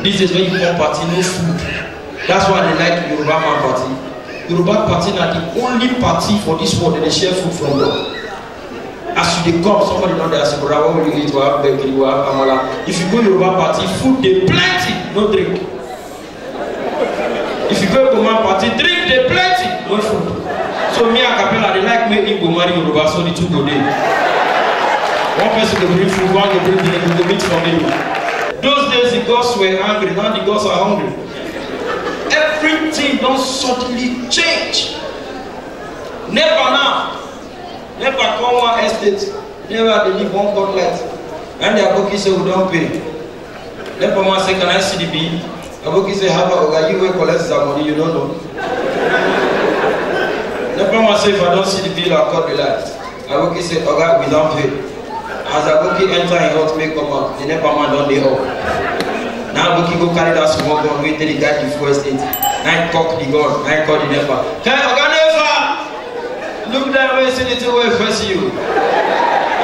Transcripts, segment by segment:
This is when you come party, no food. That's why they like Yoruba man party. Yoruba party na the only party for this world that they share food from God. As you dey come, somebody don dey ask you, brother, what will you eat? Wa gbẹ̀gìrì wa amala. If you go Yoruba party, food dey plenty, no drink. If you go Goma party, drink dey plenty, no food. So me and Capella dey like make Igbo marry Yoruba so the two go dey. One person go bring food, one go bring drink, we go meet for menu. Those days the gods were angry, now the gods are hungry. Everything don't suddenly change. Never now. Never come one estate. Never they leave one cutlet. And the aboki say we don't pay. Never man say, can I see the bill? Aboki say, how about you will collect some money? You don't know. Never man say, if I don't see the bill, I'll cut the light. Aboki say, Oga, we don't pay as aboki enter him hut make come out the nepa man don dey up ah. na bookie go carry that small gun wey tell the guy the fuel state na him cock the gun na him call the nepa hey oga nepa look down wey see the thing wey face you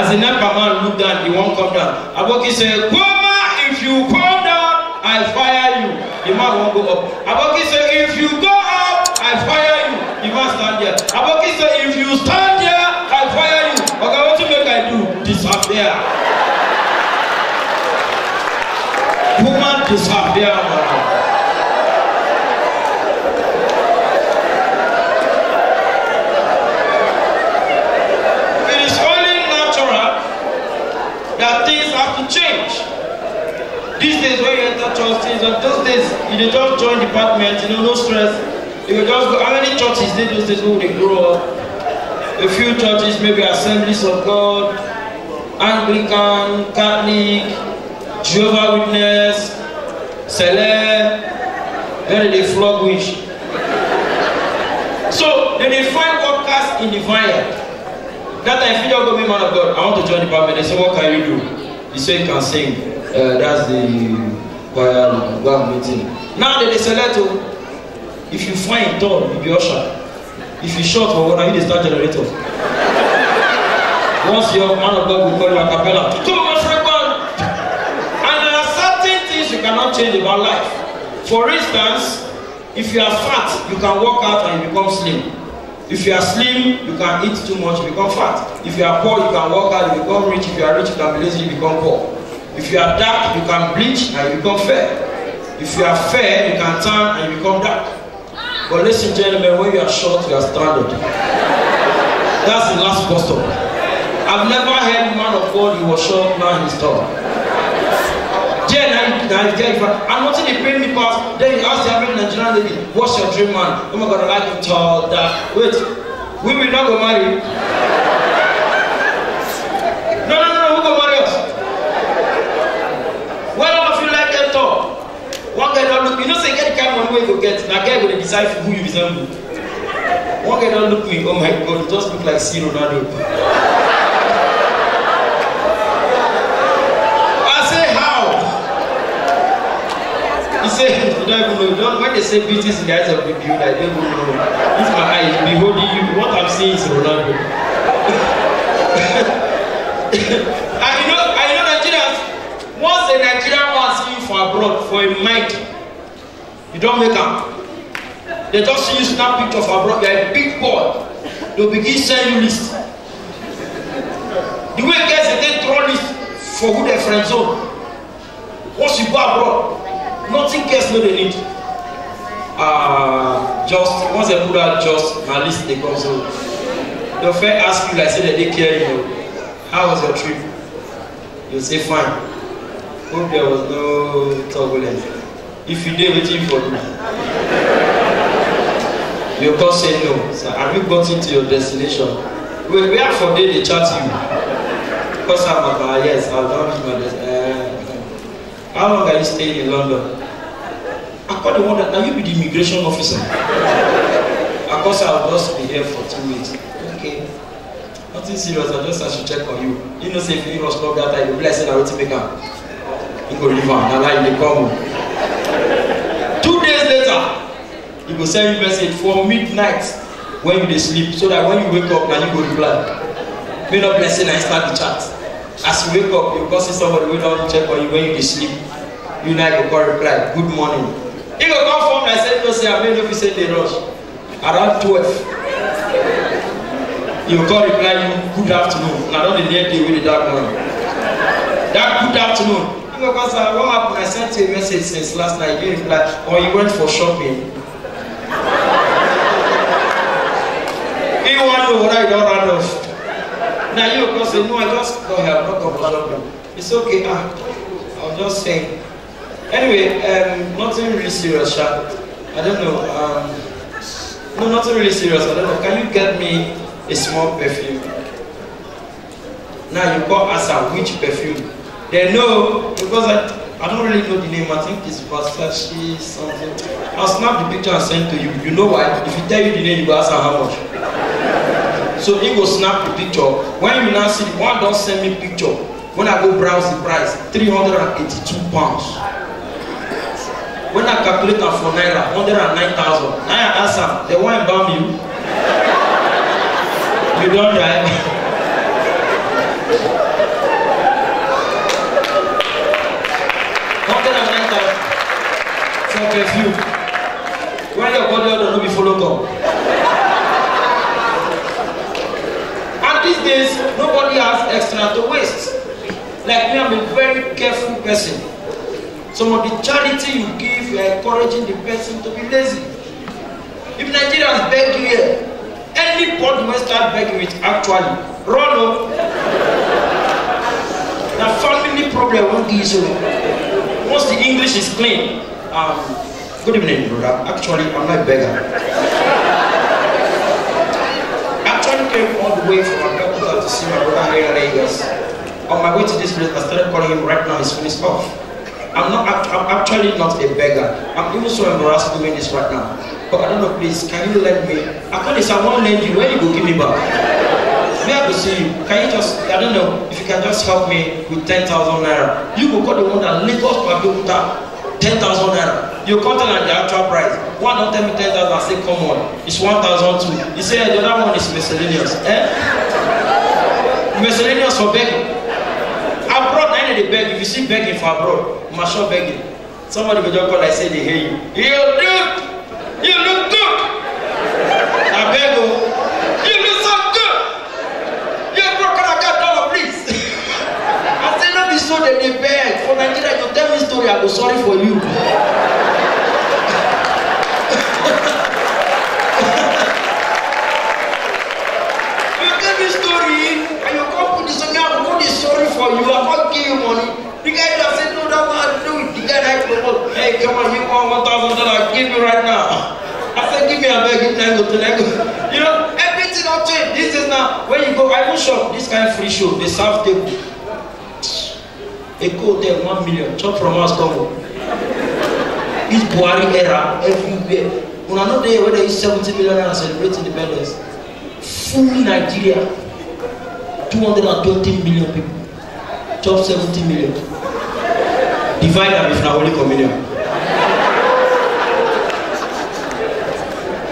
as the nepa man look down he wan come down aboki say "Goma, if you come down i fire you the man wan go up aboki say if you go up i fire you the man stand there aboki say if you stand there i fire you oga. Okay, I do disappear. Woman disappear. It is only natural that things have to change. These days when you enter church, things on those days, you don't join department, you know, no stress. you just go, how many churches did those days when they grow up? a few churches, maybe Assemblies of God, Anglican, Catholic, Jehovah Witness, Celeb, then they flog witch. so then they find cast in the vineyard. That time, if you go be man of God, I want to join the band. They say, what can you do? He said, you can sing. Uh, that's the choir, go um, meeting. Now they select, oh, if you find a thorn, you be usher if you short for water you dey start generator once your man of God go call you a cappella too much record and there are certain things you cannot change about life for instance if you are fat you can work out and you become slim if you are slim you can eat too much you become fat if you are poor you can work out you become rich if you are rich you can be lazy you become poor if you are dark you can bleach and you become fair if you are fair you can tan and you become dark But ladies and gentlemen, when you are short, you are stranded. That's the last bus stop. I've never heard man of God, he was short now he's tall. Yeah, now he's getting fat. And once they pay me pass, then you ask the average Nigerian lady, what's your dream man? Oh my God, I like him tall, that. Wait, we will not go marry. No, no, no, who go marry us? Well, all of you like him tall one guy don look you know say get the kind money wey you go get na guy go dey decide for who you resemble one guy don look me oh my god you just look like c ronaldo. I say how? He say, you don't even know. When they say beauty is in the eyes of the beholder, I don't even know. If my eyes is beholding you, what I'm seeing is Ronaldo. abroad for a mind you don't make am they just see you snap picture for abroad you are a big boy they begin send you list the way guys they take draw list for who their friend zone once you go abroad nothing cares. no dey need ah uh, just once dem put out just my list they come so The fair ask you like say dem dey care you how was your trip you say fine Hope there was no turbulence. If you did waiting for me, your boss say no. So have you gotten to your destination? Wait, where for day they chat you? Because I'm about, yes, I've done my uh, How long are you staying in London? I call the one that now you be the immigration officer. Of course, I'll just be here for two weeks. Okay. Nothing serious, I just I to check on you. You know, say if you rush log that time, you bless it, I will take it out. Igbo River na lie dey come two days later he go send you message for midnight when you dey sleep so that when you wake up na you go reply may not blessing na start the chat as you wake up you go see somebody wey don check on you when you dey sleep you na go call reply good morning He go come form like say no say i may no be say dey rush around twelve you go come reply you good afternoon na don dey near day wey dey dark morning that good afternoon Because uh, what happened? I sent you a message since last night. You replied, or you went for shopping. we want to whether you don't run off. Now you of say, no, I just got help, not go It's okay. Ah, I was just saying. Anyway, um, nothing really serious, Sha. I don't know. Um, no, nothing really serious. I don't know. Can you get me a small perfume? Now you call us a which perfume? They know because I, I don't really know the name. I think it's Vasashi something. I'll snap the picture and send to you. You know why? If you tell you the name, you will ask her how much. So he will snap the picture. When you now see the one don't send me picture, when I go browse the price, 382 pounds. When I calculate them for Naira, 109,000. Now I ask them, they won't bomb you. you don't die. against you. When your body order no be follow God. and these days, nobody has extra to waste. Like me, I'm a very careful person. Some of the charity you give, you're encouraging the person to be lazy. If Nigerians beg you here, anybody must start begging with actually. Run up. the family problem won't be so. Once the English is clean, um, good evening, brother. Actually, I'm not a beggar. actually came all the way from Abuja to see my brother here in Lagos. On my way to this place, I started calling him right now. He's finished off. I'm not. I'm actually not a beggar. I'm even so embarrassed doing this right now. But I don't know, please, can you lend me? I can't say I won't lend you. Where you go give me back? Where to see you? Can you just, I don't know, if you can just help me with 10,000 naira. You go call the one that Lagos Pabiota ten thousand naira you come tell am the actual price one don tell me ten thousand i say come on it's one thousand two he say the other one is miscellaneous eh miscellaneous for begging abroad na dey beg if you see begging for abroad masho begging somebody go just call like say dey hail you you dude to Lagos. You know, everything not changed. This is now where you go, I will shop, this kind of free show, they serve table. They go there, one million, chop from us come. It's Buhari era, everywhere. When I know there, where they use 70 million and celebrate independence, full Nigeria, 220 million people, chop 70 million. Divide them with only Communion.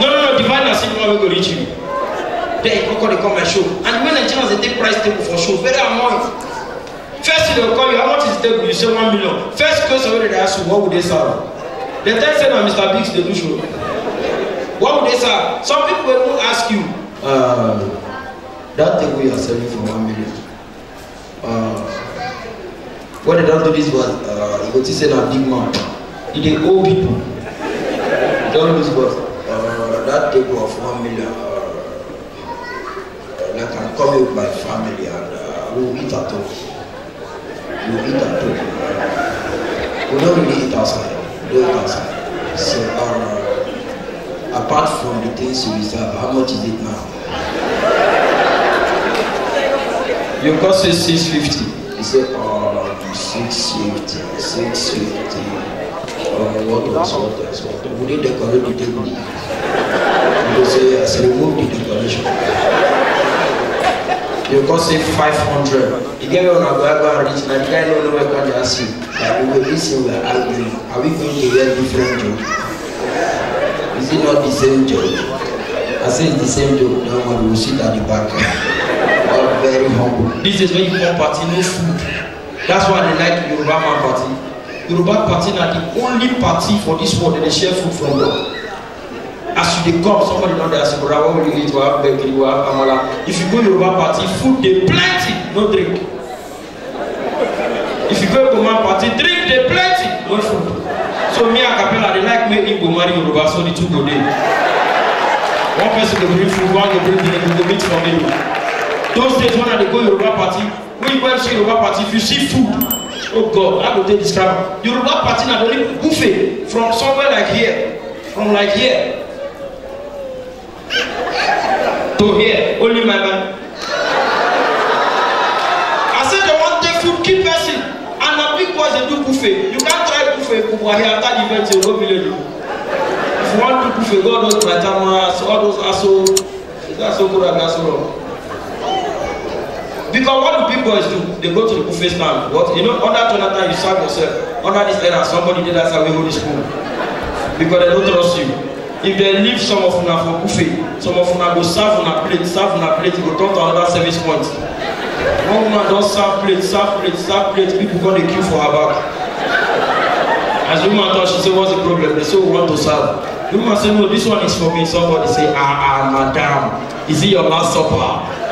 No, no, no, divine assembly will reach you. Then he you can come and show. And when Nigerians they take price table for show, very amount. First they will call you, how much is the table? You say one million. First question already they ask you, what would they serve? The third say na Mr. Biggs they do show. What would they serve? Some people will ask you, uh, that table you are selling for one million. Uh, um, when they don't do this one, uh, you go to say na big man. He dey owe people. Don't lose God. that table of one million that can come with my family and uh, we'll eat at home. We'll eat at We don't eat outside. We outside. So apart from the things you reserve, how much is it now? Your cost is 650. He said, oh, 650, 650. un... what else, what else, what else? need the to say has removed the decoration. you come say five hundred e get on a go ever reach na the guy no know where come dey ask you like we go lis we are arguing are we going to hear different joke is it not the same joke i say it's the same joke that one we will sit at the back all very humble This is when you come party no food that's why i dey like yoruba man party yoruba party are the only party for this world dem dey share food from love as you dey come somebody don dey ask you bra what will you have wa gbegiri wa amala if you go yoruba party food dey plenty no drink if you go Igbo man party drink dey plenty no food so me and Capella dey like make Igbo marry Yoruba so the two go dey one person go bring food one go bring drink we go meet for menu those days when I dey go Yoruba party when you go MC Yoruba party if you see food oh God how go take describe am Yoruba party na the only buffet from somewhere like here from like here to hear only my man. I said they want take food keep person and na big boys dey do buffet you can't try buffet bubuwa here after the event you go village o if you wan do buffet go all those maitama all those aso aso kura and aso roma because what do big boys do they go to the buffet stand but you know under jonathan you serve yourself under this era somebody did that serve wey hold the spoon because they don't trust you. If they leave some of una for buffet, some of una go serve una plate, serve una plate, go turn to another service point. One woman don serve plate, serve plate, serve plate, people come dey queue for her back. As the woman thought, she say what's the problem? They said, oh, we want to serve. The woman say no, this one is for me. Somebody say, ah, ah, madam, is it your last supper?